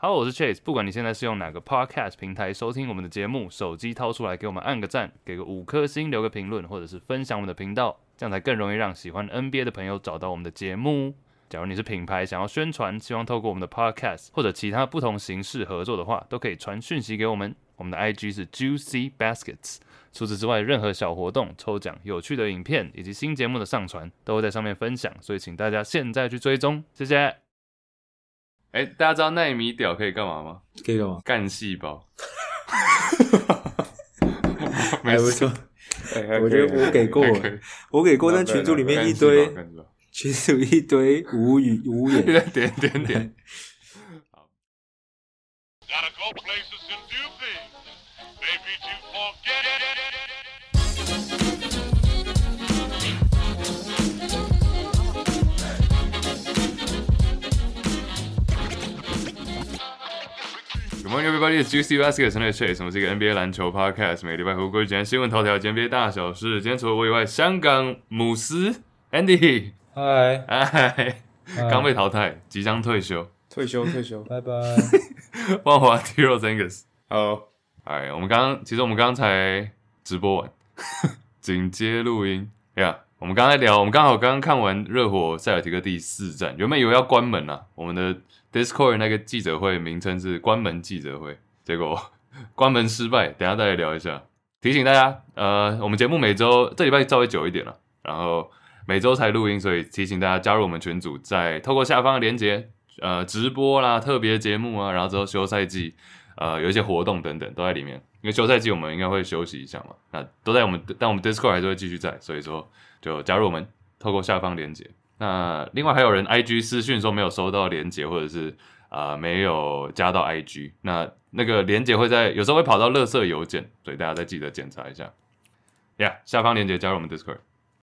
哈嘍，我是 Chase。不管你現在是用哪個 podcast 平台收聽我們的節目，手機掏出來給我們按個讚，給個五顆星，留個評論，或者是分享我們的頻道，這樣才更容易讓喜歡 NBA 的朋友找到我們的節目。假如你是品牌想要宣傳，希望透過我們的 podcast 或者其他不同形式合作的話，都可以傳訊息給我們。我們的 IG 是 Juicy Baskets。除此之外，任何小活動、抽獎、有趣的影片以及新節目的上傳，都會在上面分享，所以請大家現在去追蹤。謝謝。哎、欸，大家知道奈米屌可以幹嘛嗎？可以幹嘛？幹細胞。沒不錯，我覺得我給過了，okay. 我給過那對但群組裡面一堆，群組一堆無語無語 點，點點點。 歡迎各位，這裡是 Juicy Baskets，我是 Chase，我們是一個 NBA 籃球 podcast，每個禮拜回歸講新聞頭條、NBA 大小事。今天除了我以外，香港姆斯 Andy，嗨，嗨，剛被淘汰，即將退休，退休，退休，拜拜 Bye bye. 萬華 Tiros Angus，hello，哎，我們剛，其實我們剛才直播完， 緊接錄音，哎呀，我們剛才聊，我們剛好剛剛看完熱火塞爾提克第四戰，原本以為要關門了啊，我們的。Discord 那個記者會名稱是“關門記者會”，結果關門失敗。等一下再來聊一下。提醒大家，呃，我們節目每周這禮拜稍微久一點了，然後每周才錄音，所以提醒大家加入我們群組，再透過下方連接，呃，直播啦、特別節目啊，然後之後休賽季，呃，有一些活動等等都在裡面。因為休賽季我們應該會休息一下嘛，那都在我們，但我們 Discord 還是會繼續在，所以說就加入我們，透過下方連接。那另外還有人 I G 私訊說沒有收到連結，或者是啊、呃、沒有加到 I G。那那個連結會在有時候會跑到垃圾郵件，所以大家再記得檢查一下。Yeah，下方連結加入我們 Discord。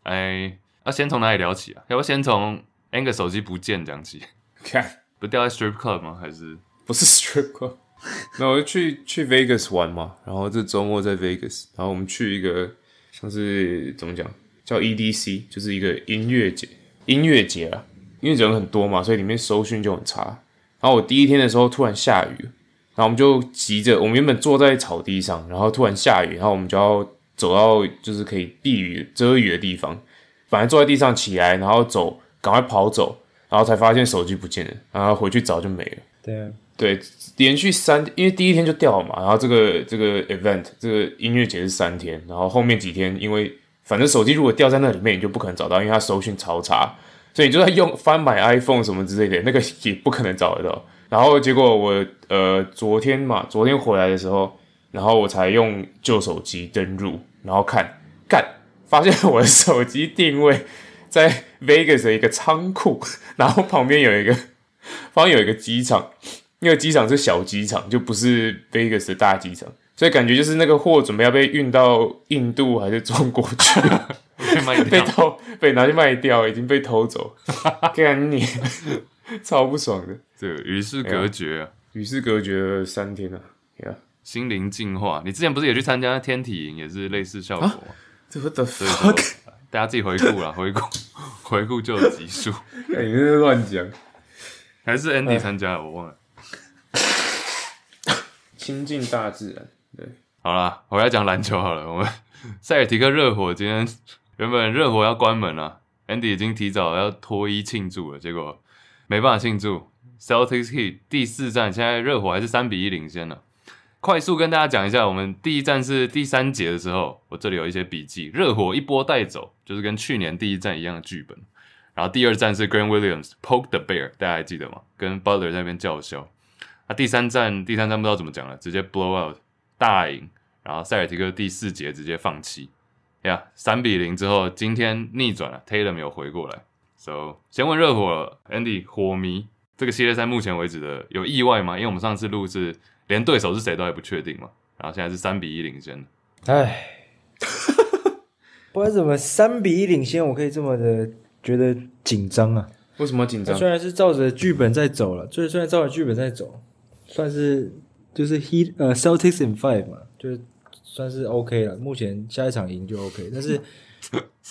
哎、啊，要先從哪裡聊起啊？要不先從 Angus 手機不見講起？看，Okay. 不掉在 Strip Club 嗎？還是不是 Strip Club？ 那我就去去 Vegas 玩嘛。然後這週末在 Vegas，然後我們去一個像是怎麼講，叫 EDC，就是一個音樂節。音樂節了，音樂節人很多嘛，所以裡面收訊就很差。然後我第一天的時候突然下雨，然後我們就急着，我們原本坐在草地上，然後突然下雨，然後我們就要走到就是可以避雨遮雨的地方。反正坐在地上起來，然後走，趕快跑走，然後才發現手機不見了，然後回去找就沒了。對啊，對，連續三，因為第一天就掉了嘛。然後這個這個 event 這個音樂節是三天，然後後面幾天因為。反正手機如果掉在那裡面，你就不可能找到，因為它收訊超差，所以你就算用翻買 iPhone 什麼之類的，那個也不可能找得到。然後結果我呃昨天嘛，昨天回來的時候，然後我才用舊手機登錄，然後看，看，發現我的手機定位在 Vegas 的一個倉庫，然後旁邊有一個，方有一個機場，因為機場是小機場，就不是 Vegas 的大機場。所以感覺就是那個貨準備要被運到印度還是中國去， 被賣掉，被偷被拿去賣掉，已經被偷走，幹你 ，超不爽的。對，與世隔絕啊，與、哎、世隔絕了三天啊，哎、呀，心靈淨化。你之前不是也去參加天體營，也是類似效果嗎？這不得，大家自己回顧了，回顧回顧舊集數、哎，你那是亂講，還是 Andy 參加？哎、我忘了，親近大自然。對，好了，我要講籃球好了。我們塞爾提克熱火今天原本熱火要關門了、啊、，Andy 已經提早要脫衣慶祝了，結果沒辦法慶祝。Celtics 第四戰現在熱火還是三比一領先了、啊。快速跟大家講一下，我們第一戰是第三節的時候，我這裡有一些筆記，熱火一波帶走，就是跟去年第一戰一樣的劇本。然後第二戰是 Grant Williams poke the bear，大家還記得嗎？跟 Butler 在那邊叫囂。那、啊、第三戰第三戰不知道怎麼講了，直接 blow out。大贏，然後塞爾提克第四節直接放棄，呀，三比零之後，今天逆轉了、啊、，Taylor 沒、um、有回過來，So 先問熱火了，Andy 火迷，這個系列賽目前為止的有意外嗎？因為我們上次錄是連對手是誰都還不確定嘛，然後現在是三比一領先，哎唉， 不知道怎麼三比一領先，我可以這麼的覺得緊張啊？為什麼緊張、啊？雖然是照着劇本在走了，就是雖然照着劇本在走，算是。就是 Heat 呃、uh, Celtics in five 嘛，就是算是 OK 了。目前下一場贏就 OK，但是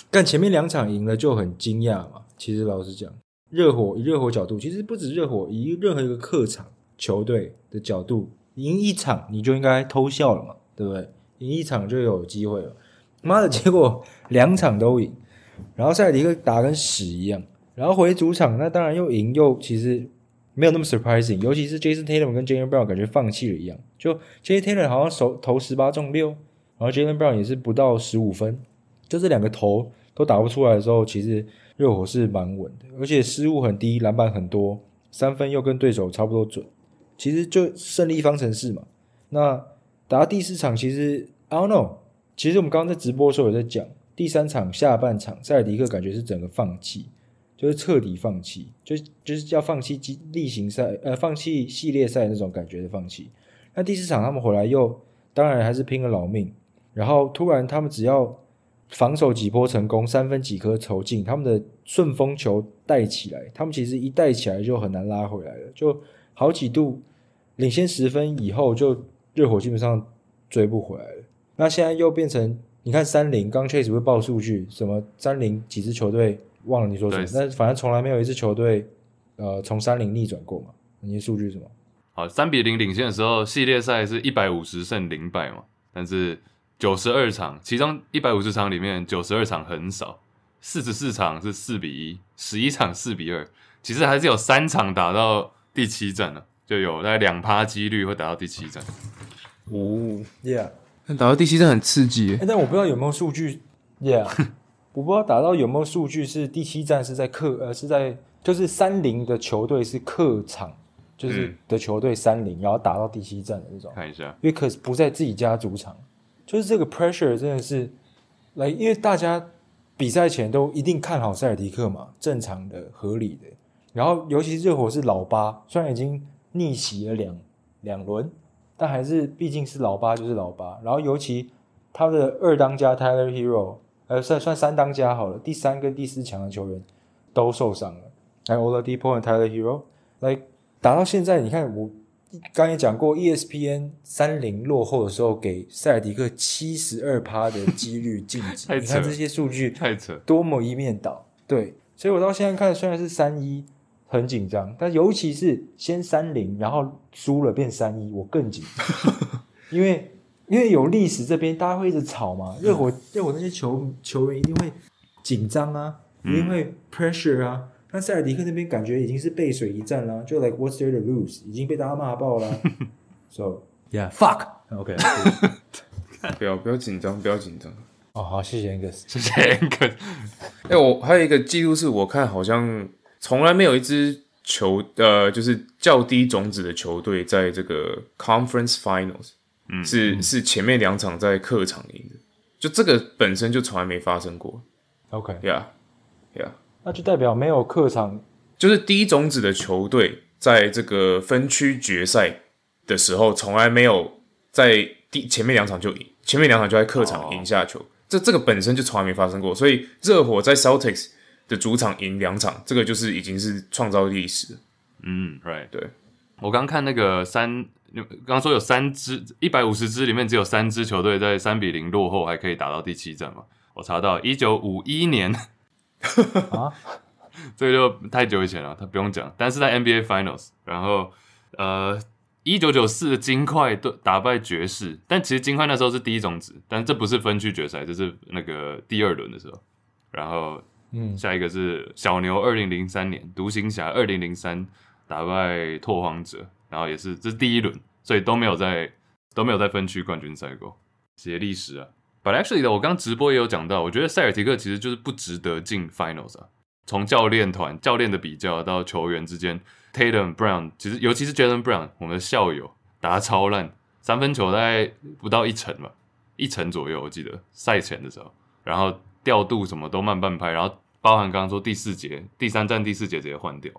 但前面兩場贏了就很驚訝嘛。其實老實講，熱火以熱火角度，其實不止熱火，以任何一個客場球隊的角度，贏一場你就應該偷笑了嘛，對不對？贏一場就有機會了。媽的，結果兩場都贏，然後塞迪克打跟屎一樣，然後回主場那當然又贏又其實。沒有那麼 surprising，尤其是 Jayson Tatum 跟 Jaylen Brown 感覺放棄了一樣。就 Jayson Tatum 好像投十八中六，然後 Jaylen Brown 也是不到十五分，就這兩個投都打不出來的時候，其實熱火是蠻穩的，而且失誤很低，籃板很多，三分又跟對手差不多準。其實就勝利方程式嘛。那打第四場，其實 I don't know。其實我們剛剛在直播的時候也在講，第三場下半場塞爾提克感覺是整個放棄。就是徹底放棄，就就是叫放棄季例行賽，呃，放棄系列賽那種感覺的放棄。那第四場他們回來又，當然還是拼了老命，然後突然他們只要防守幾波成功，三分幾顆球進，他們的順風球帶起來，他們其實一帶起來就很難拉回來了，就好幾度領先十分以後，就熱火基本上追不回來了。那現在又變成你看三零，剛 Chase 會報數據，什麼三零幾支球隊。忘了你說誰？那對反正從來沒有一支球隊，呃，從三零逆轉過嘛。你的數據是什麼？好，三比零領先的時候，系列賽是一百五十勝零敗嘛。但是九十二場，其中一百五十場裡面，九十二場很少，四十四場是四比一，十一場四比二。其實還是有三場打到第七戰的，啊，就有大概兩趴幾率會打到第七戰。哦，Yeah！打到第七戰很刺激，但我不知道有沒有數據，Yeah。 我不知道打到有沒有數據是第七戰是在客，呃，是在就是三零的球隊是客場，就是的球隊三零，然後打到第七戰的那種。看一下，因為可不在自己家主場，就是這個 pressure 真的是來，因為大家比賽前都一定看好塞爾迪克嘛，正常的合理的。然後尤其熱火是老八，雖然已經逆襲了兩兩輪，但還是畢竟是老八就是老八。然後尤其他的二當家 Tyler Herro。呃，算算三當家好了。第三跟第四強的球員都受傷了。來，Oladipo 和 Tyler Hero 來打到現在，你看我剛才講過，ESPN 三零落後的時候給塞爾迪克七十二趴的幾率晉級。 太扯，你看這些數據太扯，多麼一面倒。太扯。對，所以我到現在看雖然是三一很緊張，但尤其是先三零然後輸了變三一，我更緊張， 因為。因為有歷史這邊，大家會一直吵嘛。熱火熱火那些球球員一定會緊張啊，一定會 pressure 啊。嗯、但塞爾迪克那邊感覺已經是背水一戰啦，就 like what's there to lose 已經被大家罵爆了。So yeah, fuck. OK，okay. 不要不要緊張，不要緊張。哦，oh, 好，謝謝 Angus，謝謝 Angus。哎、 欸，我還有一個記錄是，我看好像從來沒有一支球呃，就是較低種子的球隊在這個 Conference Finals。是是前面兩場在客場贏的，就這個本身就從來沒發生過。OK，Yeah，yeah，那就代表沒有客場，就是低種子的球隊在這個分區決賽的時候，從來沒有在第前面兩場就贏，前面兩場就在客場贏下球。Oh. 這這個本身就從來沒發生過，所以熱火在 Celtics 的主場贏兩場，這個就是已經是創造歷史了。嗯，Right、mm. 對。我剛看那個三，剛，剛說有三支一百五十支裡面只有三支球隊在三比零落後還可以打到第七戰嘛？我查到一九五一年， 啊，這個就太久以前了，他不用講。但是在 NBA Finals，然後呃，一九九四的金塊對打敗爵士，但其實金塊那時候是第一種子，但這不是分區決賽，這是那個第二輪的時候。然後，嗯，下一個是小牛二零零三年，嗯、獨行俠二零零三。打敗拓荒者，然後也是這是第一輪，所以都沒有在都沒有在分區冠軍賽過，寫歷史啊。But actually 的，我剛直播也有講到，我覺得塞爾提克其實就是不值得進 finals 啊。從教練團教練的比較到球員之間，Tatum Brown 其實尤其是 Jaylen Brown，我們的校友打超爛，三分球大概不到一成吧，一成左右我記得賽前的時候，然後調度什麼都慢半拍，然後包含剛剛說第四節第三戰第四節直接換掉。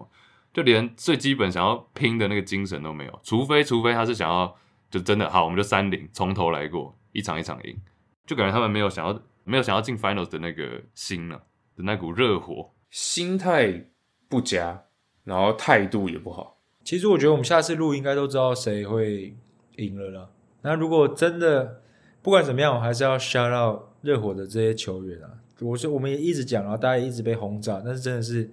就連最基本想要拼的那個精神都沒有，除非除非他是想要就真的好，我們就三零從頭來過，一場一場贏，就感覺他們沒有想要沒有想要進 finals 的那個心了、啊、的那股熱火，心態不佳，然後態度也不好。其實我覺得我們下次錄應該都知道誰會贏了啦。那如果真的不管怎麼樣，我還是要 shout out 熱火的這些球員啊，我說我們也一直講啊，然後大家一直被轟炸，但是真的是。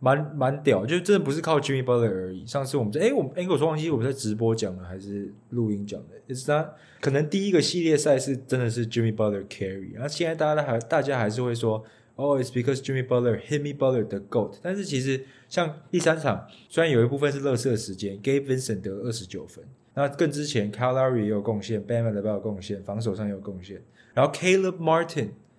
蠻蠻屌，就是真的不是靠 Jimmy Butler 而已。上次我們在哎，我哎，我說忘記我們在直播講的還是錄音講的。第三，可能第一個系列賽是真的是 Jimmy Butler carry，然後現在大家都還大家還是會說哦、oh, it's because Jimmy Butler, hit me Butler the goat。但是其實像第三場，雖然有一部分是垃圾時間，Gabe Vincent 得二十九分，那更之前 Kyle Lowry 也有貢獻，Bam Adebayo 有貢獻，防守上有貢獻，然後 Caleb Martin。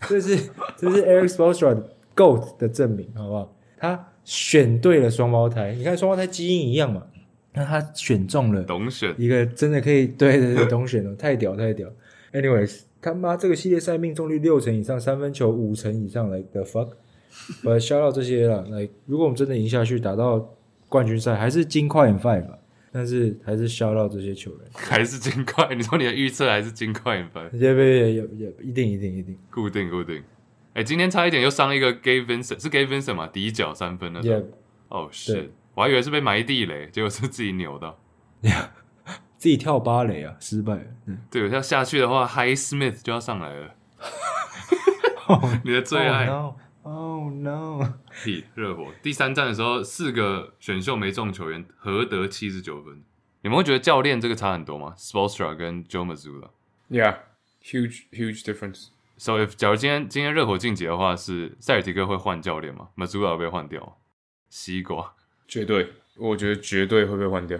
這是這是 Erik Spoelstra Goat 的證明，好不好？他選對了雙胞胎，你看雙胞胎基因一樣嘛？那他選中了，一個真的可以，選對對對，對，懂選了，太屌太屌。Anyways，他媽這個系列賽命中率六成以上，三分球五成以上，like the fuck。把笑掉這些了，來，如果我們真的贏下去，打到冠軍賽，還是金塊 in five 吧。但是還是削到這些球員，還是金塊？你說你的預測還是金塊一般。不邊有有，一定一定一定固定固定。哎、欸，今天差一點又上了一個 Gabe Vincent，是 Gabe Vincent 嘛？底角三分的時哦，是我還以為是被埋地雷，結果是自己扭到。Yeah, 自己跳芭蕾啊，失敗了。嗯、對，要下去的話，High Smith 就要上來了， oh, 你的最愛。Oh, no. Oh no！h 熱火第三戰的時候，四個選秀沒中球員合得七十九分。你們會覺得教練這個差很多嗎？Spoelstra 跟 Joe Mazzulla。Yeah，huge huge difference。So if 假如今天今天熱火晉級的話，是塞爾提克會換教練嗎？Mazzulla 會被換掉？西瓜，絕對，我覺得絕對會被換掉。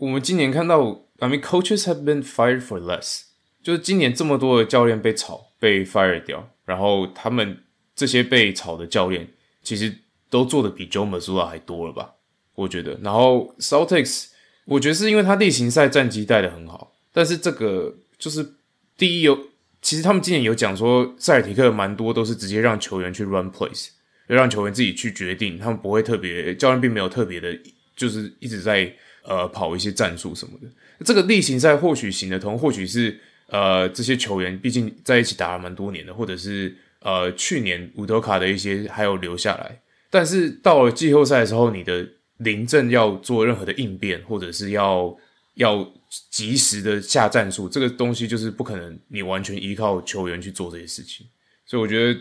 我們今年看到，I mean coaches have been fired for less，就是今年這麼多的教練被炒被 fired 掉，然後他們。這些被炒的教練其實都做的比 Joe m a z z u l a 還多了吧？我覺得。然後 s a l t i x s 我覺得是因為他例行賽戰績帶的很好，但是這個就是第一有，其實他們今年有講說塞爾提克蠻多都是直接讓球員去 run p l a c e 讓球員自己去決定，他們不會特別教練並沒有特別的，就是一直在呃跑一些戰術什麼的。這個例行賽或許行得通，或許是呃這些球員畢竟在一起打了蠻多年的，或者是。呃，去年烏德卡的一些還有留下來，但是到了季後賽的時候，你的臨陣要做任何的應變，或者是要要及時的下戰術，這個東西就是不可能，你完全依靠球員去做這些事情。所以我覺得，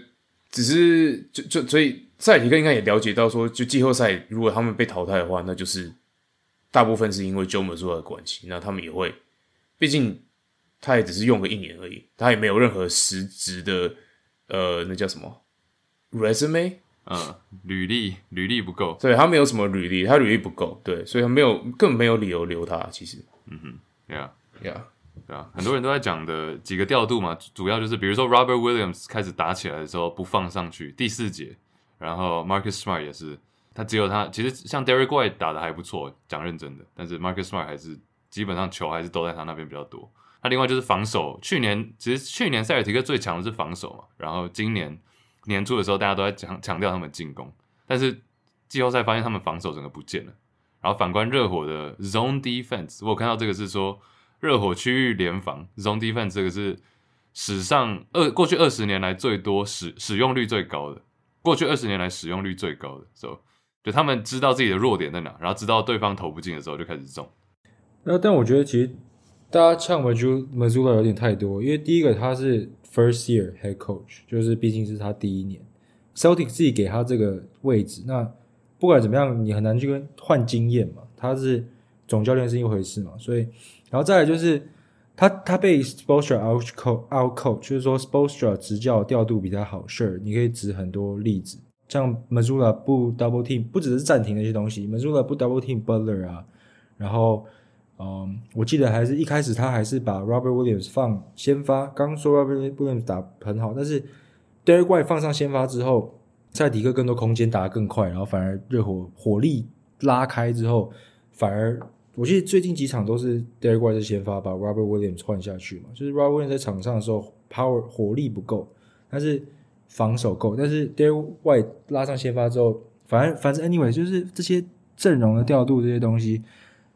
只是就就所以塞爾提克應該也了解到說，就季後賽如果他們被淘汰的話，那就是大部分是因為 Joe Mazzulla 做的關係，那他們也會，畢竟他也只是用個一年而已，他也沒有任何實質的。呃，那叫什麼？resume，嗯、呃，履歷，履歷不夠，所以他沒有什麼履歷，他履歷不夠，對，所以他沒有，根本沒有理由留他。其實，嗯哼，Yeah，Yeah，對啊，很多人都在講的幾個調度嘛，主要就是比如說 Robert Williams 開始打起來的時候不放上去第四節，然後 Marcus Smart 也是，他只有他，其實像 Derek White 打得還不錯，講認真的，但是 Marcus Smart 還是基本上球還是都在他那邊比較多。那另外就是防守，去年其實去年塞爾提克最強的是防守嘛，然後今年年初的時候大家都在強強調他們進攻，但是季後賽發現他們防守整個不見了。然後反觀熱火的 zone defense，我有看到這個是說熱火區域聯防 zone defense 這個是史上二過去二十年來最多使使用率最高的，過去二十年來使用率最高的時候，so, 就他們知道自己的弱點在哪，然後知道對方投不進的時候就開始中。那但我覺得其實。大家唱馬朱馬朱拉有點太多，因為第一個他是 first year head coach，就是畢竟是他第一年，celtic 自己給他這個位置，那不管怎麼樣，你很難去跟換經驗嘛。他是總教練是一回事嘛，所以然後再來就是他他被 Spoelstra out out coach，就是說 Spoelstra 執教調度比他好，share, 你可以指很多例子，像馬朱拉不 double team，不只是暫停那些東西，馬朱拉不 double team Butler 啊，然後。嗯，um, 我記得還是一開始他還是把 Robert Williams 放先發。剛說 Robert Williams 打很好，但是 Derrick White 放上先發之後，賽迪克更多空間打得更快，然後反而熱火火力拉開之後，反而我記得最近幾場都是 Derrick White 是先發，把 Robert Williams 換下去嘛。就是 Robert Williams 在場上的時候，power 火力不夠，但是防守夠。但是 Derrick White 拉上先發之後，反正反正 anyway 就是這些陣容的調度這些東西。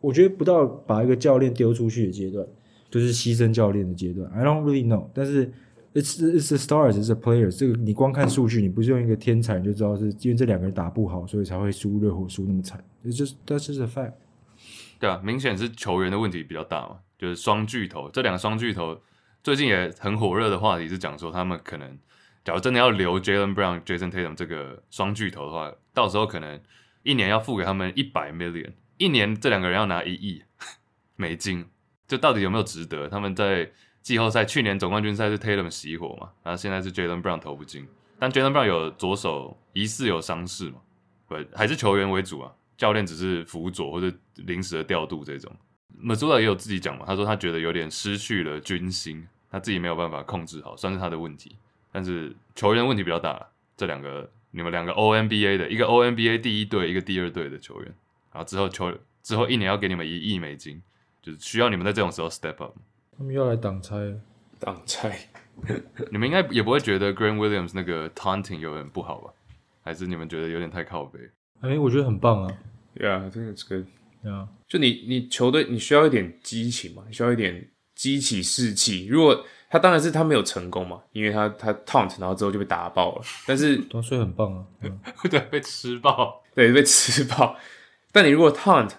我覺得不到把一個教練丟出去的階段，就是犧牲教練的階段。I don't really know，但是 it's it's the stars, it's the players。這個你光看數據，你不是用一個天才，你就知道是因為這兩個人打不好，所以才會輸熱火輸那麼慘。就是，但是是 five，對啊，明顯是球員的問題比較大嘛。就是雙巨頭，這兩個雙巨頭最近也很火熱的話題是講說，他們可能假如真的要留 Jaylen Brown、Jayson Tatum 這個雙巨頭的話，到時候可能一年要付給他們一百 million。一年，這兩個人要拿一億美金，這到底有沒有值得？他們在季後賽，去年總冠軍賽是 Tatum 熄火嘛，然後，啊，現在是 Jaylen Brown 投不進，但 Jaylen Brown 有左手疑似有傷勢嘛？不，還是球員為主啊，教練只是輔佐或者臨時的調度這種。馬祖拉也有自己講嘛，他說他覺得有點失去了軍心，他自己沒有辦法控制好，算是他的問題。但是球員問題比較大，這兩個你們兩個 All NBA 的一個 All NBA 第一隊一個第二隊的球員。然後之後球之後一年要給你們一億美金，就是需要你們在這種時候 step up。他們又來擋拆了，擋拆猜。 你們應該也不會覺得 Grant Williams 那個 taunting 有點不好吧？還是你們覺得有點太靠北？哎、欸，我覺得很棒啊。Yeah, I think it's good. yeah，就你你球隊你需要一點激情嘛，你需要一點激起士氣。如果他當然是他沒有成功嘛，因為他他 taunt，然後之後就被打爆了。但是，所以很棒啊。對、嗯， 被吃爆。對，被吃爆。但你如果 taunt，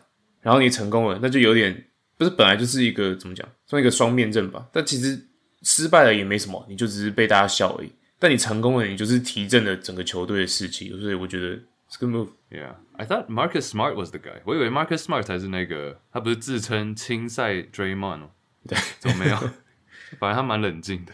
然後你成功了，那就有點不是本來就是一個怎麼講，算一個雙面刃吧。但其實失敗了也沒什麼，你就只是被大家笑而已。但你成功了，你就是提振了整個球隊的士氣，所以我覺得 it's a good move。Yeah，I thought Marcus Smart was the guy。我以為 Marcus Smart 才是那個，他不是自稱青賽 Draymond 對、哦，怎麼沒有？反正 他蠻冷靜的。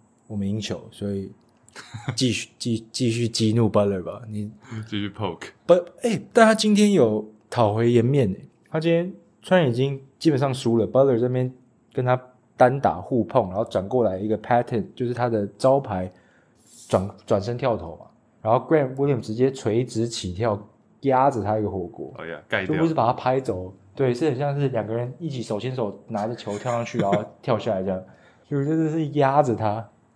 我們贏球，所以繼續繼續繼續激怒 Butler 吧。你繼續 poke。But 誒，但他今天有討回顏面誒，他今天突然已經基本上輸了，Butler 這邊跟他單打互碰，然後轉過來一個 pattern，就是他的招牌轉轉身跳投嘛。然後 Grant Williams 直接垂直起跳壓着他一個火鍋，哎呀，蓋掉，就不是把他拍走。對，是很像是兩個人一起手牽手拿着球跳上去，然後跳下來這樣。 就這是壓着他。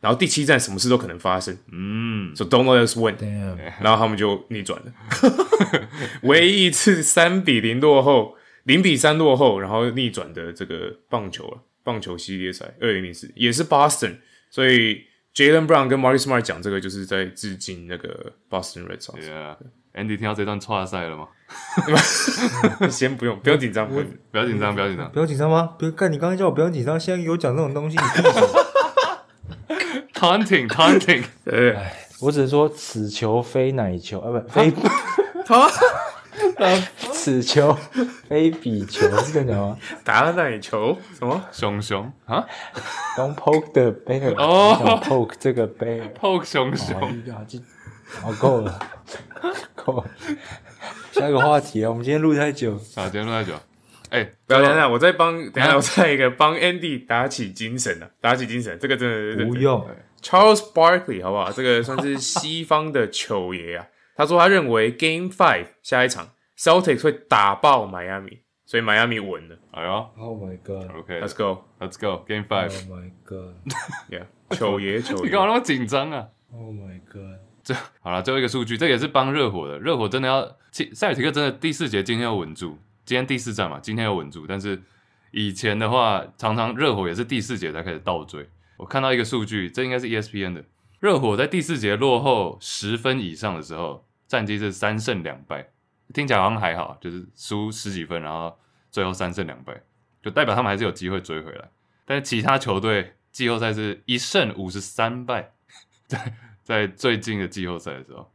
然後第七站什麼事都可能發生，嗯，So don't let us win。然後他們就逆轉了，唯一一次三比零落後，零比三落後，然後逆轉的這個棒球了，棒球系列賽，二零零四也是 Boston。所以 Jaylen Brown 跟 Marcus Smart 講這個，就是在致敬那個 Boston Red Sox。Andy 聽到這段差賽了嗎？先不用，不要緊張，不要緊張，不要緊張，不要緊張嗎？幹，你剛剛叫我不要緊張，現在有講這種東西，你。Counting, counting 哎，我只是說此球非奶球，啊，不，非。此球非彼球是這樣嗎？打奶球？什麼？熊熊？啊？Don't poke the bear。哦。poke 這個 bear poke 熊熊。好夠了，夠。下一個話題啊，我們今天錄太久。啊，今天錄太久。哎，不要等下，我再幫，等下我再一個幫 Andy 打起精神打起精神，這個真的不用。Charles Barkley，好不好？這個算是西方的球爺啊。他說他認為 Game Five 下一場 Celtics 會打爆 m 阿 a m 所以 m 阿 a m 了。哎呦，Oh my God！OK，Let's go，Let's go，Game Five！Oh my God！Yeah，球爺，球爺， 你干嘛那麼緊張啊？Oh my God！這好了，最後一個數據，這也是幫熱火的。熱火真的要塞 e 提克真的第四節今天要穩住，今天第四站嘛，今天要穩住。但是以前的話，常常熱火也是第四節才開始倒追。我看到一個數據，這應該是 ESPN 的。熱火在第四節落後十分以上的時候，戰績是三勝兩敗。聽起來好像還好，就是輸十幾分，然後最後三勝兩敗，就代表他們還是有機會追回來。但是其他球隊季後賽是一勝五十三敗，在在最近的季後賽的時候，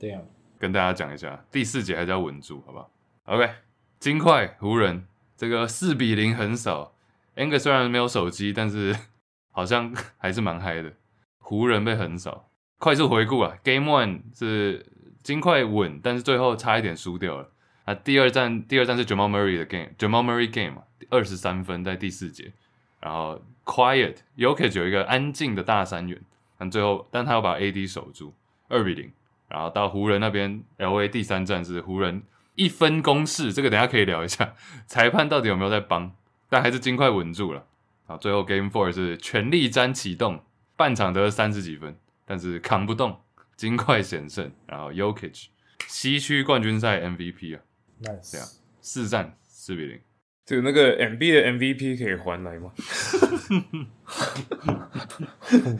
這樣 Damn. 跟大家講一下，第四節還是要穩住，好不好？OK，金塊湖人這個四比零很少。Angus 雖然沒有手機，但是。好像還是蠻嗨的，湖人被橫掃。快速回顧啊，Game One 是金塊穩，但是最後差一點輸掉了。那第二戰，第二戰是 Jamal Murray 的 Game，Jamal Murray Game 嘛，二十三分在第四節。然後 Quiet，Jokic 有一個安靜的大三元，但最後但他要把 AD 守住，二比零。0，然後到湖人那邊，LA 第三戰是湖人一分攻勢，這個等一下可以聊一下，裁判到底有沒有在幫？但還是金塊穩住了。最後 Game Four 是全力詹啟動，半場得三十幾分，但是扛不動，金塊險勝。然後 Jokic 西區冠軍賽 MVP 啊，Nice，這樣四戰四比零。就那個 MB 的 MVP 可以還來嗎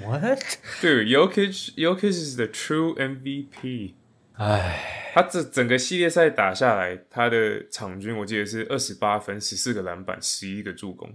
？What？對 Jokic Jokic is The True MVP 唉。哎，他這整個系列賽打下來，他的場均我記得是二十八分、十四個籃板、十一個助攻。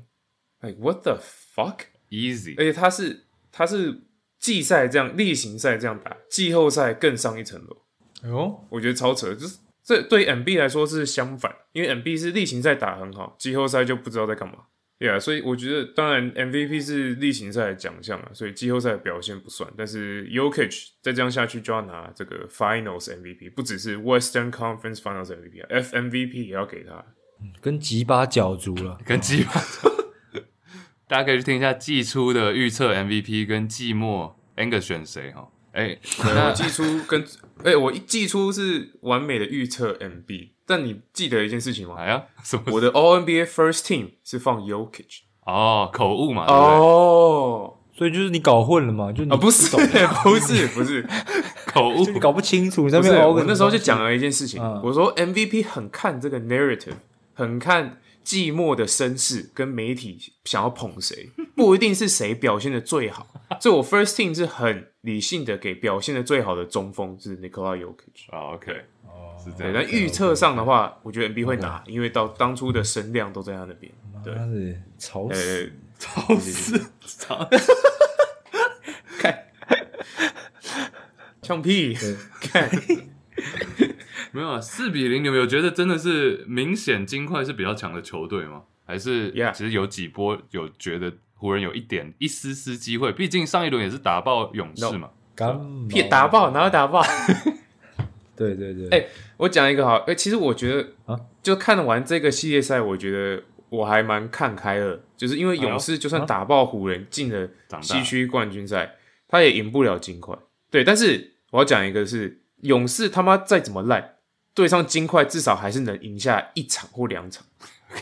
Like what the fuck？Easy。而且他是他是季賽這樣，例行賽這樣打，季後賽更上一層樓。哦、哎呦，我覺得超扯，就是這對 NBA 來說是相反，因為 NBA 是例行賽打很好，季後賽就不知道在幹嘛。對啊，所以我覺得當然 MVP 是例行賽的獎項啊，所以季後賽表現不算。但是 Jokic 再這樣下去就要拿這個 Finals MVP，不只是 Western Conference Finals MVP，FMVP 也要給他，跟吉巴角逐了，啊， 跟吉巴。 大家可以去聽一下季初的預測 MVP 跟季末 Angus 選誰哈？哎、欸， 我季初跟哎、欸，我一季初是完美的預測 MVP，但你記得一件事情嗎？還要、哎、什麼？我的 All-NBA First Team 是放 Jokic、ok、哦，口誤嘛？哦，oh, 所以就是你搞混了嘛？就你啊，不是,你不是，不是， 不是， 口誤誤， 搞不清楚你沒有你不。我那時候就講了一件事情，嗯、我說 MVP 很看這個 Narrative，很看。寂寞的聲勢跟媒體想要捧誰，不一定是誰表現的最好。所以我 first team 是很理性的給表現的最好的中鋒是 Nikola Jokic 啊，OK，哦，是這樣。那預測上的話，我覺得 NB 會拿，因為到當初的聲量都在他那邊。他是吵死，吵死，吵。看，嗆屁！看。沒有啊，四比零，你們有覺得真的是明顯金塊是比較強的球隊嗎？還是其實有幾波有覺得湖人有一點一絲絲機會？畢竟上一輪也是打爆勇士嘛，屁嘛打爆，哪有打爆？ 對對對，哎、欸，我講一個哈，哎、欸，其實我覺得啊，就看完這個系列賽，我覺得我還蠻看開了，就是因為勇士就算打爆湖人進了西區冠軍賽，他也贏不了金塊。對，但是我要講一個是，是勇士他媽再怎麼爛。對上金塊，至少還是能贏下一場或兩場，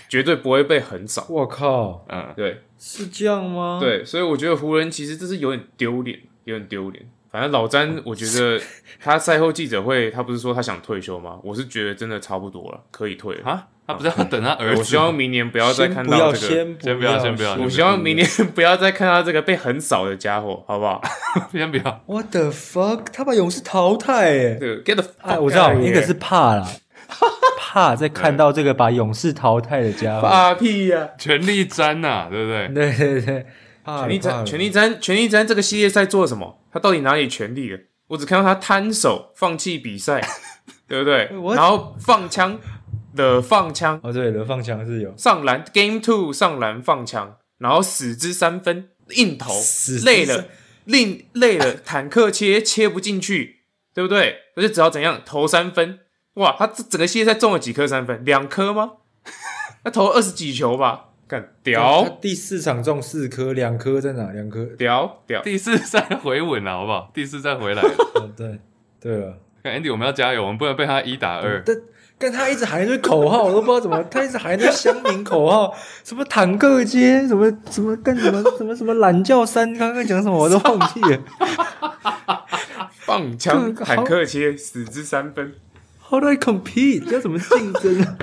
絕對不會被橫掃。我靠！嗯，對，是這樣嗎？對，所以我覺得湖人其實這是有點丟臉，有點丟臉。反正老詹，我覺得他賽後記者會，他不是說他想退休嗎？我是覺得真的差不多了，可以退了。啊他不是要等他兒子。我希望明年不要再看到這個，先不要，先不要。我希望明年不要再看到這個被橫掃的傢伙，好不好？先不要。What the fuck？他把勇士淘汰耶！對，get the fuck！我知道，一個是怕了，怕再看到這個把勇士淘汰的傢伙。放屁呀！全力戰吶，對不對？對對對！全力戰，全力戰，全力戰！這個系列賽做什麼？他到底哪裡全力了？我只看到他攤手放棄比賽，對不對？然後放槍。的放槍哦，對，的放槍是有上籃，Game Two 上籃放槍，然後死之三分硬投死之三累了，另累了，啊、坦克切切不進去，對不對？所以只要怎樣投三分，哇，他這整個系列賽中了幾顆三分，兩顆嗎？那 投二十幾球吧，幹屌！第四場中四顆，兩顆在哪？兩顆屌屌！屌第四再回穩了，好不好？第四再回來了， 對對了，看 Andy，我們要加油，我們不能被他一打二。跟他一直喊一堆口號，我都不知道怎麼，他一直喊一堆鄉民口號， 什麼坦克街，什麼什麼幹什麼什麼什麼懶覺山，剛剛講什麼我都忘記了。放槍 槍，坦克街， 死之三分。How do I compete？要怎麼競爭啊？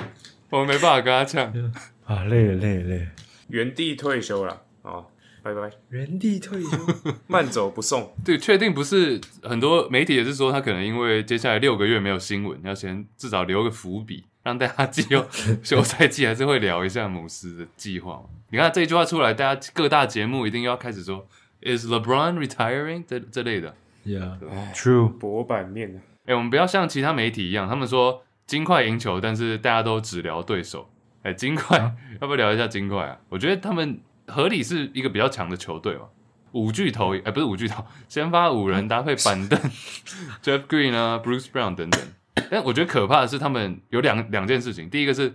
我們沒辦法跟他搶。 啊，累了累了累了，原地退休了啊。哦拜拜，原地退休， 慢走不送。對，確定不是很多媒體也是說他可能因為接下來六個月沒有新聞，要先至少留個伏筆，讓大家記住。休賽季還是會聊一下姆斯的計劃。你看這一句話出來，大家各大節目一定要開始說 “Is LeBron retiring?” 這這類的。Yeah，True，吧博版面哎，我們不要像其他媒體一樣，他們說金塊贏球，但是大家都只聊對手。哎，金塊 Huh? 要不要聊一下金塊啊？我覺得他們。合理，是一個比較強的球隊嘛，五巨頭、欸、不是五巨頭，先發五人搭配板凳 ，Jeff Green 啊，Bruce Brown 等等。但我覺得可怕的是，他們有兩兩件事情。第一個是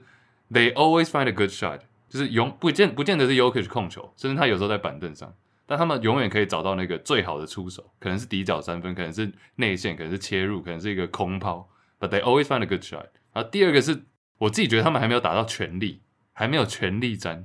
，They always find a good shot，就是永不見不見得是 Jokic 控球，甚至他有時候在板凳上，但他們永遠可以找到那個最好的出手，可能是底角三分，可能是內線，可能是切入，可能是一個空拋。But they always find a good shot，啊。然後第二個是，我自己覺得他們還沒有打到全力，還沒有全力戰。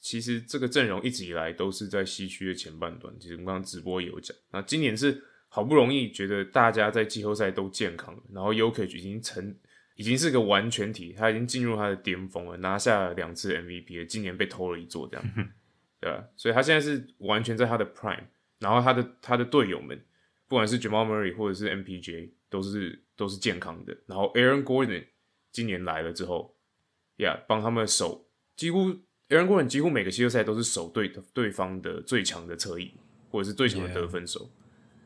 其實這個陣容一直以來都是在西區的前半段，其實我們剛剛直播也有講。那今年是好不容易覺得大家在季後賽都健康了，然後 Jokic 已經成已經是個完全體，他已經進入他的巔峰了，拿下了兩次 MVP，今年被偷了一座，這樣對吧、啊？所以他現在是完全在他的 Prime，然後他的他的隊友們，不管是 Jamal Murray 或者是 MPJ 都是都是健康的，然後 Aaron Gordon 今年來了之後，呀、yeah, 幫他們守幾乎。Aaron Gordon 幾乎每個系列賽都是守對對方的最強的側翼，或者是最強的得分手。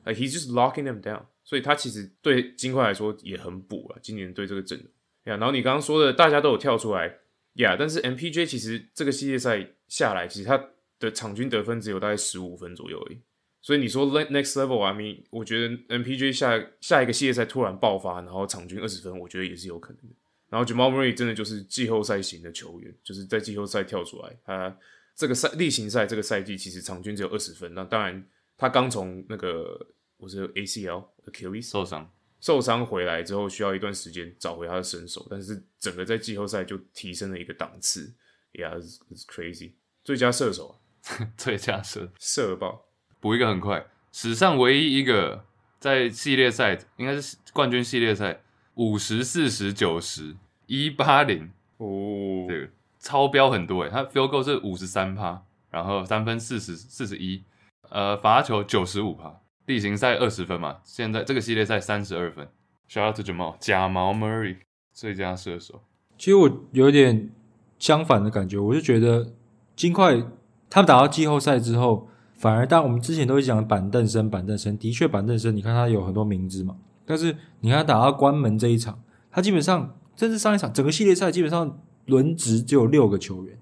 啊 Yeah.、like、，He's just locking them down。所以他其實對金塊來說也很補啊，今年對這個陣容，呀、yeah,，然後你剛剛說的大家都有跳出來，呀、yeah,，但是 MPJ 其實這個系列賽下來，其實他的場均得分只有大概十五分左右而已。所以你說 next level，I mean，我覺得 MPJ 下下一個系列賽突然爆發，然後場均二十分，我覺得也是有可能的。然後 Jamal Murray 真的就是季後賽型的球員，就是在季後賽跳出來。他這個賽例行賽這個賽季其實場均只有二十分。那當然，他剛從那個我是 ACL Achilles 受傷傷，受傷回來之後需要一段時間找回他的身手。但是整個在季後賽就提升了一個檔次，Yeah，it's crazy 最佳射手，啊， 最佳射射爆補一個很快，史上唯一一個在系列賽應該是冠軍系列賽五十、四十、九十。一八零哦，對，超標很多哎，他 field goal 是五十三帕，然後三分四十四十一，呃，罰球九十五帕，例行賽二十分嘛，現在這個系列賽三十二分。Shout out to Jamal 假毛 Murray 最佳射手。其實我有點相反的感覺，我就覺得金塊他們打到季後賽之後，反而但我們之前都會講板凳深，板凳深，的確板凳深。你看他有很多名字嘛，但是你看他打到關門這一場，他基本上。甚至上一場整個系列賽基本上輪值只有六個球員，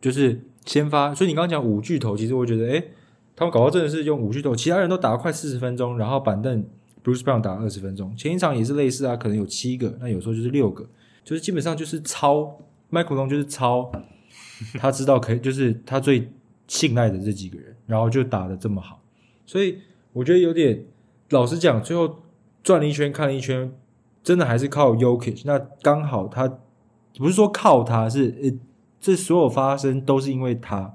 就是先發。所以你剛剛講五巨頭，其實我覺得，誒、欸，他們搞到真的是用五巨頭，其他人都打了快四十分鐘，然後板凳 Bruce Brown 打了二十分鐘。前一場也是類似啊，可能有七個，那有時候就是六個，就是基本上就是超，Michael Malone，就是超他知道可以，就是他最信賴的這幾個人，然後就打得這麼好。所以我覺得有點，老實講，最後轉了一圈，看了一圈。真的還是靠 Jokic 那剛好他不是說靠他是，是這所有發生都是因為他。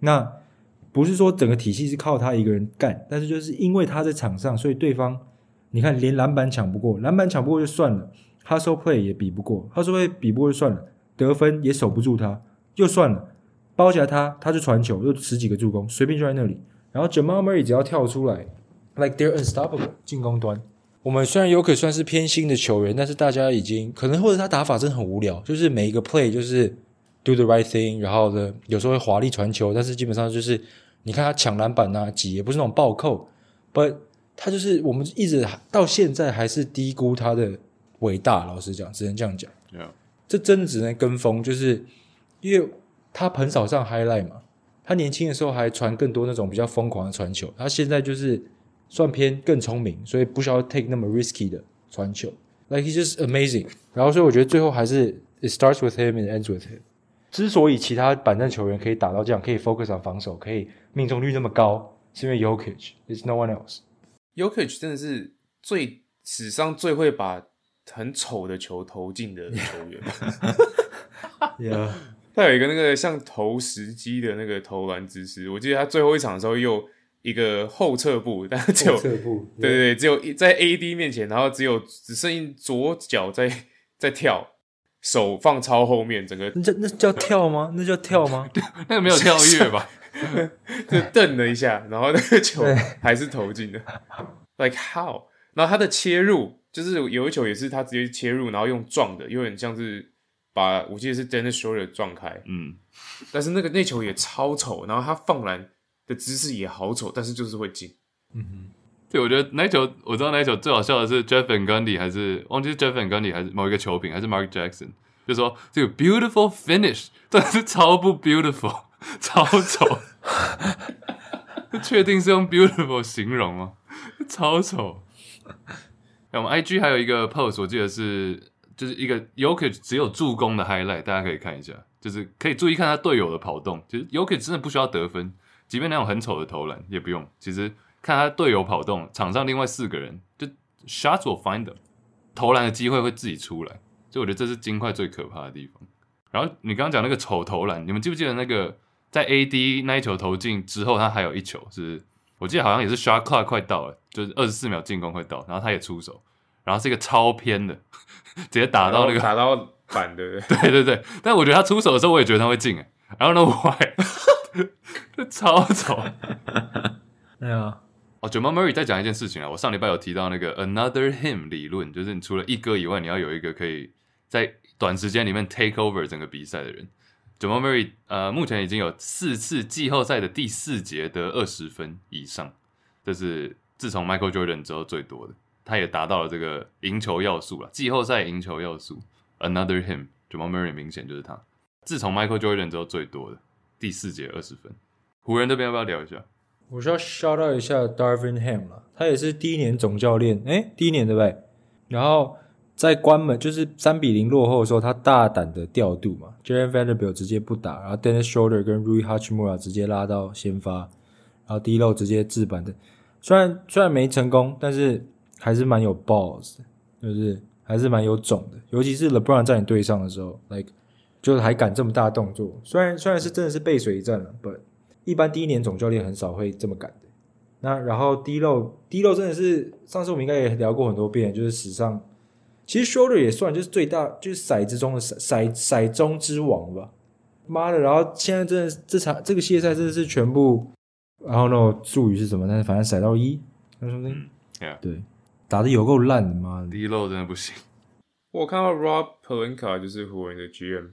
那不是說整個體系是靠他一個人幹，但是就是因為他在場上，所以對方你看連籃板搶不過，籃板搶不過就算了，他手 play 也比不過，他手 play 比不過就算了，得分也守不住他，就算了，包夾他他就傳球又十幾個助攻，隨便就在那裡。然後 Jamal Murray 只要跳出來，like they're unstoppable，進攻端。我們雖然有可能算是偏心的球員，但是大家已經可能或者他打法真的很無聊，就是每一個 play 就是 do the right thing，然後呢有時候會華麗傳球，但是基本上就是你看他搶籃板啊擠也不是那種暴扣，But 他就是我們一直到現在還是低估他的偉大，老實講，只能這樣講。Yeah. 這真的只能跟風，就是因為他很少上 highlight 嘛，他年輕的時候還傳更多那種比較瘋狂的傳球，他現在就是。算偏更聰明，所以不需要 take 那麼 risky 的傳球，like he's just amazing。然後所以我覺得最後還是 it starts with him and ends with him。之所以其他板凳球員可以打到這樣，可以 focus on 防守，可以命中率那麼高，是因為 Jokic。It's no one else。Jokic 真的是最史上最會把很醜的球投進的球員。哈哈哈哈哈。他有一個那個像投石機的那個投籃姿勢，我記得他最後一場的時候又。一個後側步，但只有對對，對對，只有在 AD 面前，然後只有只剩一左腳在在跳，手放超後面，整個那那叫跳嗎？那叫跳嗎？ 那個沒有跳躍吧？ 就瞪了一下，然後那個球還是投進的。對 like how？然後他的切入就是有一球也是他直接切入，然後用撞的，有點像是把，我記得是 Dennis Schröder 撞開。嗯，但是那個那球也超醜，然後他放籃。的姿勢也好醜，但是就是會進。嗯哼，對，我覺得那一球，我知道那一球最好笑的是 Jeff Van Gundy 還是忘記是 Jeff Van Gundy 還是某一個球評，還是 Mark Jackson，就是說這個 beautiful finish，但是超不 beautiful，超醜。確 定是用 beautiful 形容嗎？超醜。那我們 IG 還有一個 post，我記得是就是一個 Jokic、ok、只有助攻的 highlight，大家可以看一下，就是可以注意看他隊友的跑動，其、就、實、是、Jokic、ok、真的不需要得分。即便那種很醜的投籃也不用，其實看他隊友跑動，場上另外四個人就 shots will find them，投籃的機會會自己出來，所以我覺得這是金塊最可怕的地方。然後你剛剛講那個醜投籃，你們記不記得那個在 AD 那一球投進之後，他還有一球是不是？我記得好像也是 shot clock 快到了，就是二十四秒進攻快到，然後他也出手，然後是一個超偏的，直接打到那個打到板對不對？ 對對對，但我覺得他出手的時候，我也覺得他會進欸，I don't know why. 超醜！對啊，哦，Jamal Murray 在講一件事情啊，我上禮拜有提到那個 Another Him 理論，就是你除了一哥以外，你要有一個可以在短時間裡面 take over 整個比賽的人。Jamal Murray 呃，目前已經有四次季後賽的第四節得二十分以上，這是自從 Michael Jordan 之後最多的。他也達到了這個贏球要素了，季後賽贏球要素 Another Him，Jamal Murray 明顯就是他，自從 Michael Jordan 之後最多的。第四節二十分，湖人這邊要不要聊一下？我需要 shout out 一下 Darvin Ham 嘛，他也是第一年總教練，哎、欸，第一年對不對？然後在關門就是三比零落後的時候，他大膽的調度嘛 Jaren Vanderbilt 直接不打，然後 Dennis Schroeder 跟 Rui Hachimura 直接拉到先發，然後 D-Low 直接制板的，雖然雖然沒成功，但是還是蠻有 balls 的，就是還是蠻有種的，尤其是 LeBron 在你對上的時候，like。就是還敢這麼大動作，雖然雖然是真的是背水一戰了，but 一般第一年總教練很少會這麼敢的。那然後 D-Lo D-Lo 真的是上次我們應該也聊過很多遍，就是史上其實 Schröder 也算就是最大就是骰子中的骰骰骰中之王吧。媽的，然後現在真的這場這個系列賽真的是全部，然後呢 o 術語是什麼？但是反正骰到一，那什麼？對，打得有的有夠爛的嘛，D-Lo 真的不行。我看到 Rob Pelinka 就是湖人的 GM。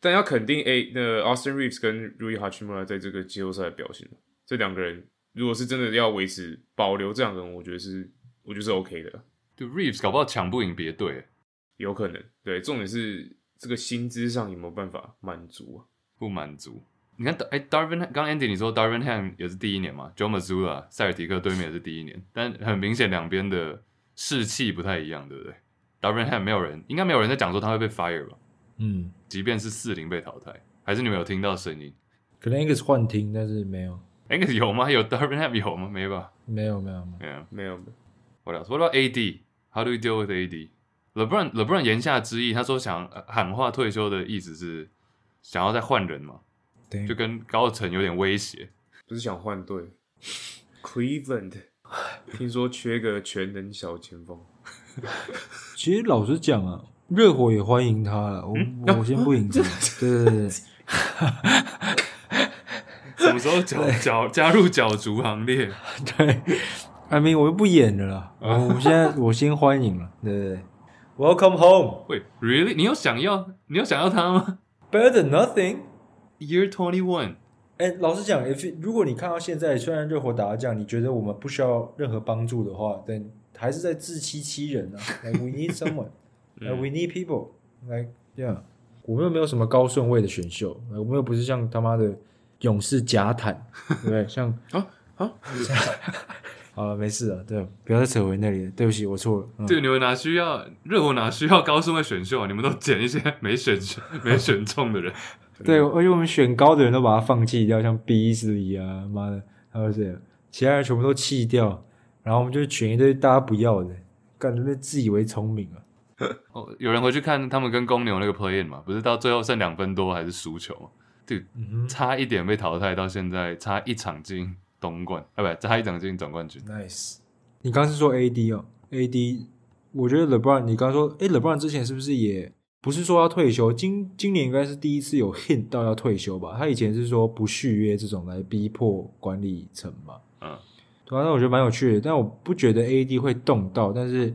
但要肯定，A 的，欸、Austin Reeves 跟 Rui Hachimura 在這個季後賽的表現，這兩個人如果是真的要維持、保留這樣的人，我覺得是，我覺得是 OK 的。對 Reeves，搞不好搶不贏別隊，有可能。對，重點是這個薪資上有沒有辦法滿足啊？不滿足。你看，誒、欸、Darvin 剛 Andy 你說 Darvin Ham 也是第一年嘛？Joe Mazzulla 塞爾提克對面也是第一年， 但很明顯兩邊的士氣不太一樣，對不對？Darvin Ham 沒有人，應該沒有人在講說他會被 fire 吧？嗯，即便是四零被淘汰，還是你們有聽到聲音？可能 X 幻聽，但是沒有 X 有嗎？有 Durban 有嗎？沒吧？沒有，沒有，沒有，沒有，沒有。What else? What about AD? How do you deal with AD? LeBron, LeBron 言下之意，他說想、呃、喊話退休的意思是想要再換人嗎？對，Dang. 就跟高層有點威脅，不是想換隊。 Cleveland，聽說缺個全能小前鋒。 其實老實講啊。熱火也歡迎他了，嗯、我我先不迎，對 對對對， 什麼時候腳腳對加入角逐行列？對，I mean, 我又不演了啦 我，我現在我先歡迎了，對不對？Welcome home，Wait, really? 你有想要，你有想要他嗎？Better than nothing. Year twenty one。哎，老實講，if you, 如果你看到現在，雖然熱火打的這樣，你覺得我們不需要任何幫助的話，但還是在自欺欺人啊。Like we need someone。 來、uh，we need people 來，a h 我們又沒有什麼高順位的選秀，我們又不是像他媽的勇士假坦，對不對？像啊 啊，啊像 好了，沒事了，對，不要再扯回那裡了，對不起，我錯了。對，嗯、你們哪需要任何哪需要高順位選秀啊？你們都撿一些沒選 沒選中的人，對，而且我們選高的人都把他放棄掉，像 Beasley 啊，媽的還有樣，其他人全部都棄掉，然後我們就選一堆大家不要的，幹那自以為聰明啊！哦， oh, 有人回去看他們跟公牛那個 play in 嘛，不是到最後剩兩分多還是輸球嗎？對，差一點被淘汰，到現在差一場進東冠，哎，不差一場進總冠軍。Nice，你剛剛是說 AD 哦，AD，我覺得 LeBron，你剛剛說，哎、欸、LeBron 之前是不是也不是說要退休？今今年應該是第一次有 hint 到要退休吧？他以前是說不續約這種來逼迫管理層嘛？嗯，對啊，那我覺得蠻有趣的，但我不覺得 AD 會動到，但是。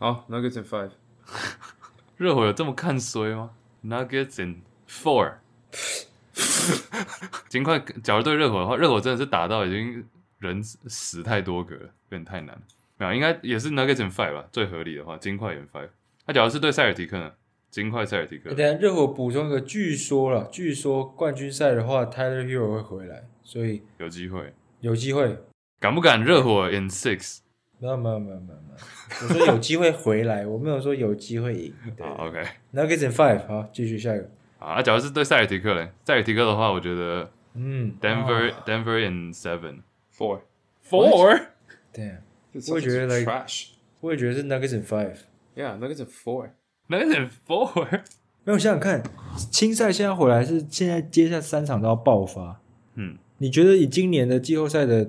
好、oh,，Nuggets in five。熱火有這麼看衰嗎？Nuggets in four。金 塊。假如對熱火的話，熱火真的是打到已經人死太多個了，有點太難了。沒有，應該也是 Nuggets in five 吧，最合理的話。金塊 in five。那、啊、假如是對塞爾提克呢？金塊塞爾提克。等下，熱火補充一個，據說了，據說冠軍賽的話，Tyler Herro 會回來，所以有機會，有機會。敢不敢熱火 in six？沒有沒有沒有沒有沒有，我說有機會回來，我沒有說有機會贏。好，OK。Nuggets in five，好，繼續下一個。啊，假如是對塞爾提克，塞爾提克的話，我覺得，嗯，Denver，Denver in seven four four。對，我也覺得是 trash 我也覺得是 Nuggets in five。Yeah，Nuggets in four，Nuggets in four。沒有，想想看，青賽現在回來是現在，接下三場都要爆發。嗯，你覺得以今年的季後賽的？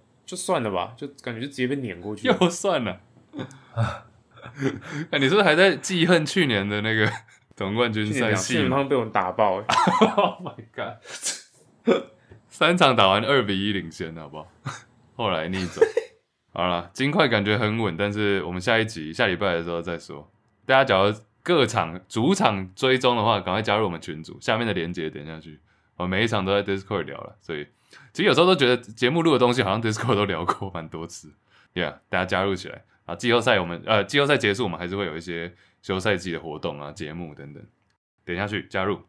就算了吧，就感覺就直接被碾過去。又算了 欸。你是不是還在記恨去年的那個總冠軍賽？去、嗯、年好像被我們打爆、欸。 Oh my god！ 三場打完二比一領先，好不好？後來逆轉。 好啦，金塊感覺很穩，但是我們下一集下禮拜的時候再說。大家假如各場主場追蹤的話，趕快加入我們群組，下面的連結點下去。我每一場都在 Discord 聊了，所以。其實有時候都覺得節目錄的東西好像 Discord 都聊過蠻多次，Yeah，大家加入起來啊，呃！季後賽我們呃季後賽結束我們還是會有一些休賽季的活動啊、節目等等，點下去加入。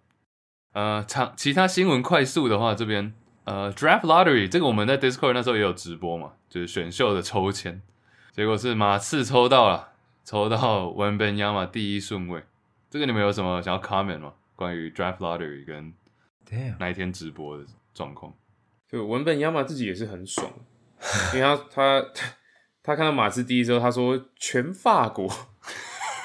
呃，長，其他新聞快速的話，這邊呃 Draft Lottery 這個我們在 Discord 那時候也有直播嘛，就是選秀的抽籤，結果是馬刺抽到了，抽到 Wembanyama 第一順位，這個你們有什麼想要 Comment 嗎？關於 Draft Lottery 跟哪一天直播的狀況？對，文本亞馬自己也是很爽，因為他他他,他看到馬刺第一之後，他說全法國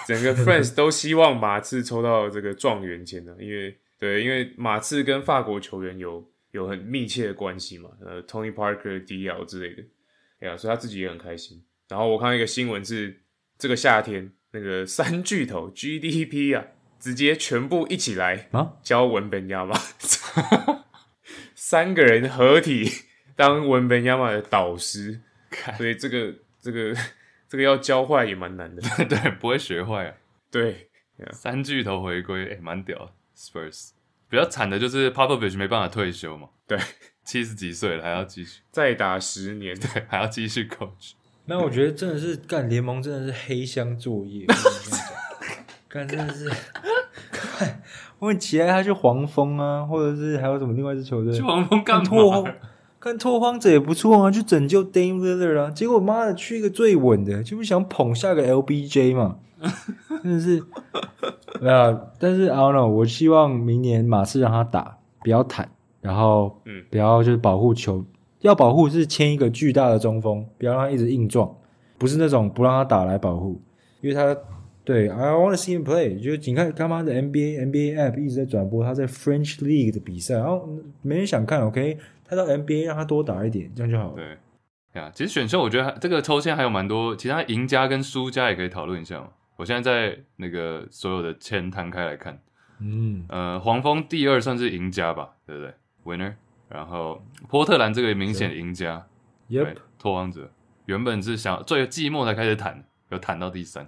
整個 French 都希望馬刺抽到這個狀元籤的啊，因為對，因為馬刺跟法國球員有有很密切的關係嘛，呃，Tony Parker、迪奧之類的，哎呀，所以他自己也很開心。然後我看到一個新聞是，這個夏天那個三巨頭 GDP 啊，直接全部一起來啊，教文本亞馬。 三個人合體當文班亞馬的導師，看 所以這個這個這個要教壞也蠻難的對。對，不會學壞啊。對，三巨頭回歸哎，蠻、欸、屌的。Spurs 比較慘的就是 Popovich 沒辦法退休嘛，對，七十幾歲了還要繼續再打十年，對，還要繼續 coach。那我覺得真的是幹聯盟，真的是黑箱作業，幹 真的是。我很期待他是黃蜂啊，或者是還有什麼另外一支球隊？去黃蜂幹嘛？看拓荒者也不錯啊，去拯救 Dame Lillard 啊！結果媽的去一個最穩的，就是想捧下個 LBJ 嘛，真的是 啊！但是 I don't know，我希望明年馬刺讓他打比較坦，然後嗯，不要就是保護球，要保護是簽一個巨大的中鋒，不要讓他一直硬撞，不是那種不讓他打來保護，因為他。對，I want to see him play 就。就你看他媽的 NBA，NBA app 一直在轉播他在 French League 的比賽，然後沒人想看。OK，他到 NBA 讓他多打一點，這樣就好了，嗯。對，呀，yeah，其實選秀我覺得這個抽籤還有蠻多，其他贏家跟輸家也可以討論一下嘛。我現在在那個所有的籤攤開來看，嗯，呃，黃蜂第二算是贏家吧，對不對？Winner。Winner，然後波特蘭這個明顯贏家，Yep，拓荒者。原本是想最寂寞才開始談，有談到第三。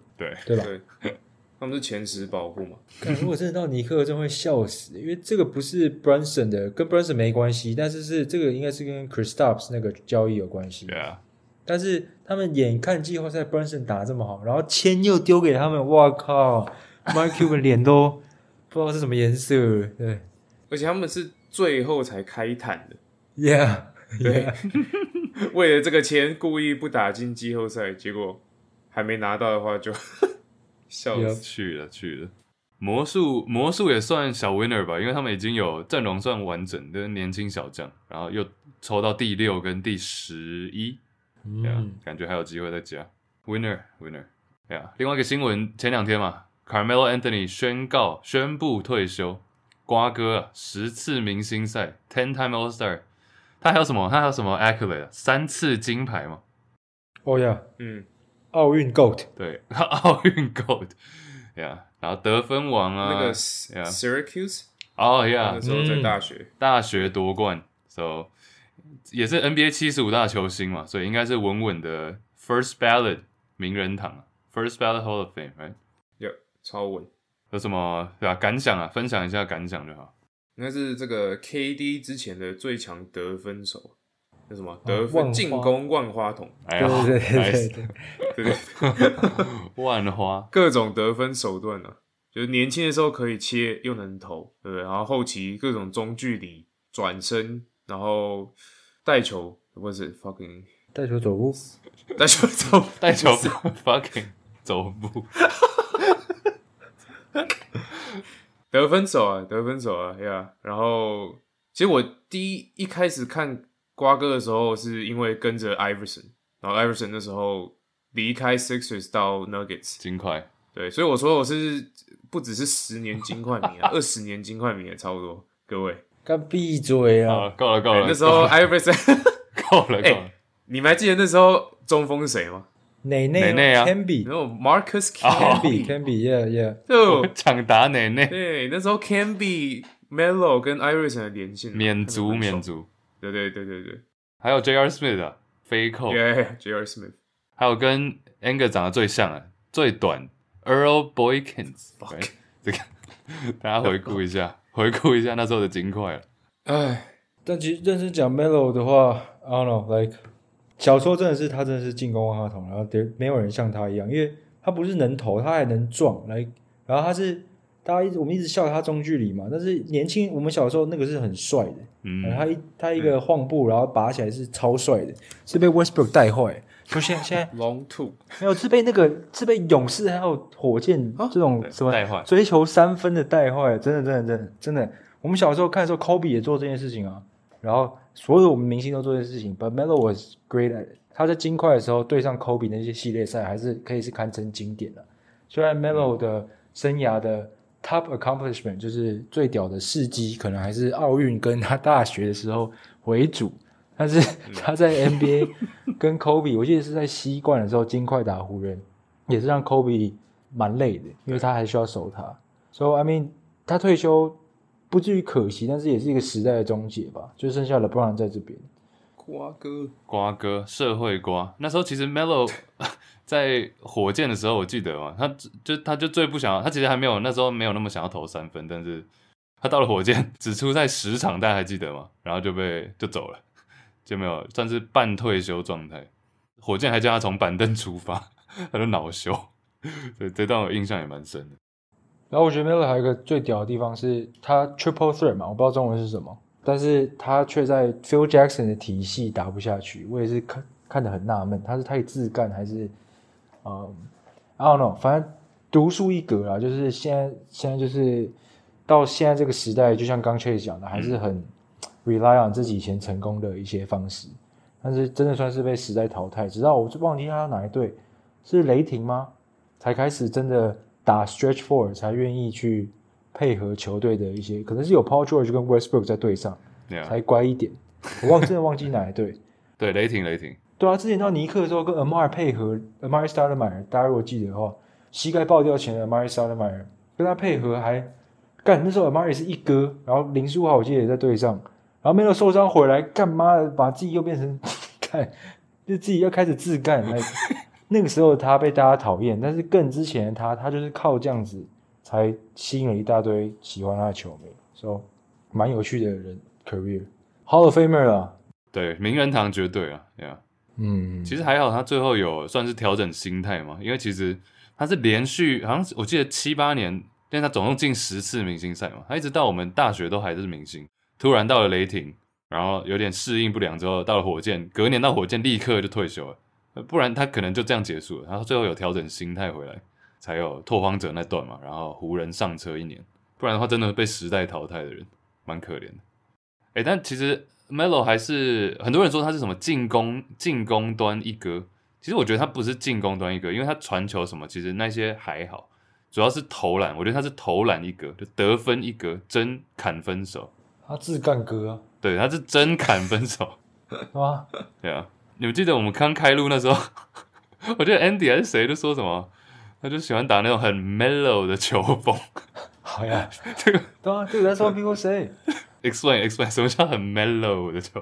對對吧對？他們是前十保護嘛？可如果真的到尼克，真會笑死，因為這個不是 Brunson 的，跟 Brunson 沒關係，但是是這個應該是跟 Kristaps 那個交易有關係。對啊，但是他們眼看季後賽 Brunson 打這麼好，然後簽又丟給他們，哇靠 Michael 的臉都不知道是什麼顏色。對，而且他們是最後才開坦的。Yeah，, yeah. 對，為了這個簽故意不打進季後賽，結果。還沒拿到的話，就笑，笑死了，去了，Yep. 去了。魔術魔術也算小 winner 吧，因為他們已經有陣容算完整的年輕小將，然後又抽到第六跟第十一，嗯、mm. yeah, 感覺還有機會再加 winner，winner，呀。Mm. Winner, winner. yeah, 另外一個新聞，前兩天嘛，Carmelo Anthony 宣告宣布退休，瓜哥、啊、十次明星賽，ten time All Star，他還有什麼？他還有什麼 accolade、啊、三次金牌嗎？哦呀，嗯。奧運 GOAT 對奧運 GOAT，然後得分王啊，那個 Syracuse，哦，yeah，那時候在大學，嗯、大學奪冠，so 也是 NBA 七十五大球星嘛，所以應該是穩穩的 first ballot 名人堂，啊、first ballot Hall of Fame，yeah、right? 超穩。有什麼對吧、啊？感想啊，分享一下感想就好。應該是這個 KD 之前的最強得分手。叫什麼得分進攻萬花筒？哎呀呦對對對，對， 對 萬花各種得分手段呢、啊？就是年輕的時候可以切又能投，對不對？然後後期各種中距離轉身，然後帶球不是 fucking？帶球走步，帶球走，帶球 fucking 走步。得分手啊，得分手啊，呀、yeah！然後其實我第一一開始看瓜哥的時候是因為跟着 Iverson，然後 Iverson 那時候離開 Sixers 到 Nuggets 金塊，對，所以我說我是不只是十年金塊迷啊，二十年金塊迷也差不多。各位，幹閉嘴啊！夠了夠了，那時候 Iverson，夠了。夠了。你們還記得那時候中鋒是誰嗎？內內內啊 Camby 然後 Marcus Camby Camby yeah yeah，就搶打內內。對，那時候 Camby Melo 跟 Iverson 的連線，免族免族。對對對對對，還有 J R Smith 飛、啊、扣、yeah,，J R Smith，還有跟 Angus 長得最像的、啊、最短 Earl Boykins，Fuck.、right, 這個大家回顧一下，回顧一下那時候的金塊了。唉，但其實認真講 Melo 的話，I don't know，Like 小時候真的是他真的是進攻萬花筒，然後沒有人像他一樣，因為他不是能投，他還能撞來，然後他是。大家一直我們一直笑他中距離嘛，但是年輕我們小時候那個是很帥的，嗯、欸，他一他一個晃步、嗯、然後拔起來是超帥的，是被 Westbrook、ok、帶壞，不是 現，現在 Long Two 沒有是被那個是被勇士還有火箭這種什麼、啊、追求三分的帶壞，真的真的真的真的，我們小時候看的時候，Kobe 也做這件事情啊，然後所有的我們明星都做這件事情，But Melo was great，at 他在金塊的時候對上 Kobe 那些系列賽還是可以是堪稱經典的、啊，雖然 Melo 的生涯的、嗯。Top accomplishment 就是最屌的事蹟，可能還是奧運跟他大學的時候為主。但是他在 NBA 跟 Kobe 我記得是在西冠的時候，金塊打湖人，也是讓 Kobe 蠻累的，因為他還需要守他。所以對、so,，I mean，他退休不至於可惜，但是也是一個時代的終結吧。就剩下 LeBron 在這邊，瓜哥，瓜哥，社會瓜。那時候其實 Melo。 在火箭的時候，我記得嘛，他就他就最不想要，他其實還沒有那時候沒有那麼想要投三分，但是他到了火箭只出賽十場，大家還記得嗎？然後就被就走了，就沒有算是半退休狀態。火箭還叫他從板凳出發，他就惱羞，所以這段我印象也蠻深的。然後我覺得 Melo 還有一個最屌的地方是他 Triple Threat 嘛，我不知道中文是什麼，但是他卻在 Phil Jackson 的體系打不下去，我也是看看得很納悶，他是太自幹還是？嗯、um,，I don't know，反正獨樹一格啦。就是現在，現在就是到現在這個時代，就像剛確實講的，還是很 rely on 自己以前成功的一些方式。但是真的算是被時代淘汰，直到我忘記他哪一隊是雷霆嗎？才開始真的打 stretch four 才願意去配合球隊的一些，可能是有 Paul George 跟 Westbrook 在隊上，Yeah. 才乖一點。我忘， 真的忘記哪一隊？對，雷霆，雷霆。對啊，之前到尼克的時候跟 a m r 配合，Amari s t o e m，大家如果記得的話，膝蓋爆掉前的 Amari s t e m 跟他配合還幹的時候 a m a r 是一哥，然後林書豪我記得也在隊上，然後沒有受傷回來幹嘛把自己又變成幹，就自己又開始自幹，那 那個時候他被大家討厭，但是更之前的他，他就是靠這樣子才吸引了一大堆喜歡他的球迷，所、so, 以蠻有趣的人 career，Hall of Famer 啊，fam er、對，名人堂絕對啊嗯，其實還好，他最後有算是調整心態嘛，因為其實他是連續好像我記得七八年，但他總共進十次明星賽嘛，他一直到我們大學都還是明星，突然到了雷霆，然後有點適應不良，之後到了火箭，隔年到火箭立刻就退休了，不然他可能就這樣結束了。他最後有調整心態回來，才有拓荒者那段嘛，然後湖人上車一年，不然的話真的被時代淘汰的人，蠻可憐的。哎、欸，但其實。Melo 還是很多人說他是什麼進攻進攻端一哥。其實我覺得他不是進攻端一哥，因為他傳球什麼其實那些還好，主要是投籃，我覺得他是投籃一哥，就得分一哥，真砍分手。他自幹哥啊，對，他是真砍分手，是吧？對啊，你們記得我們剛開錄那時候， 我覺得 Andy 還是誰都說什麼，他就喜歡打那種很 Melo 的球風。 好呀， 這個對 啊，對，他說 People say。 explain explain，什麼叫很 Melo 的球？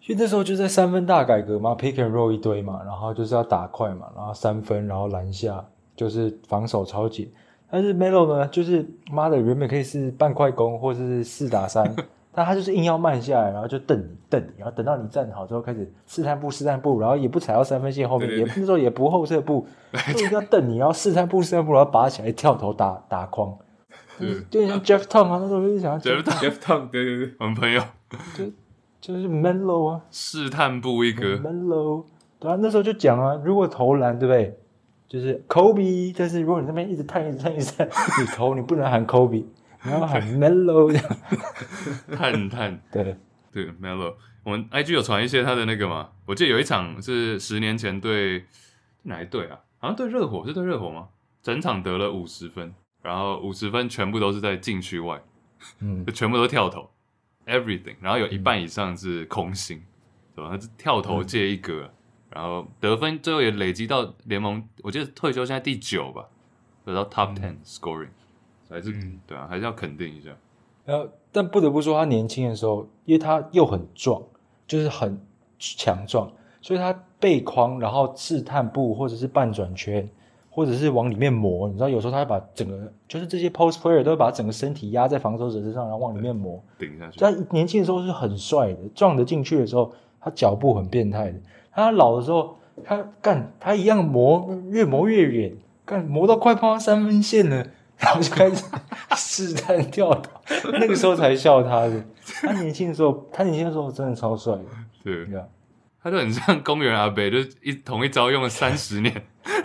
其實那時候就在三分大改革嘛，pick and roll 一堆嘛，然後就是要打快嘛，然後三分，然後籃下就是防守超緊。但是 Melo 呢，就是媽的原本可以是半快攻或者是四打三，但他就是硬要慢下來，然後就瞪你瞪你，然後等到你站好之後開始試探步試探步，然後也不踩到三分線後面，對對對也那時候也不後撤步， 就一定要瞪你，然後試探步試探步，然後拔起來跳投打打框。對，就像 Jeff Tom 啊，那時候就講 Jeff Tom，Jeff Tom，對對對，我們朋友，對，就是 Melo 啊，試探步一哥，Melo，對啊，那時候就講啊，如果投籃，對不對？就是 Kobe，但是如果你那邊一直探一直探一直探一直探，你投你不能喊 Kobe，你要喊 Melo，這樣對，探探 探，對對，Melo，我們 IG 有傳一些他的那個嘛，我記得有一場是十年前對哪一隊啊？好、啊、像對熱火，是對熱火嗎？整場得了五十分。然後五十分全部都是在禁區外，就、嗯、 全部都跳投，everything。然後有一半以上是空心，對吧、嗯？是跳投界一哥，嗯、然後得分最後也累積到聯盟，我記得退休現在第九吧，得到 top ten scoring、嗯、所以還是、嗯、對啊，還是要肯定一下。然後、呃、但不得不說他年輕的時候，因為他又很壯，就是很強壯，所以他背框，然後試探步或者是半轉圈。或者是往裡面磨，你知道，有時候他會把整個，就是這些 post player 都會把整個身體壓在防守者身上，然後往裡面磨。頂下去。他年輕的時候是很帥的，撞得進去的時候，他腳步很變態的。他老的時候，他幹，他一樣磨，越磨越遠，幹磨到快碰到三分線了，然後就開始試探 跳投。那個時候才笑他的。 他年輕的時候，他年輕的時候真的超帥的。對。你知道他就很像公園阿伯，就一同一招用了三十年。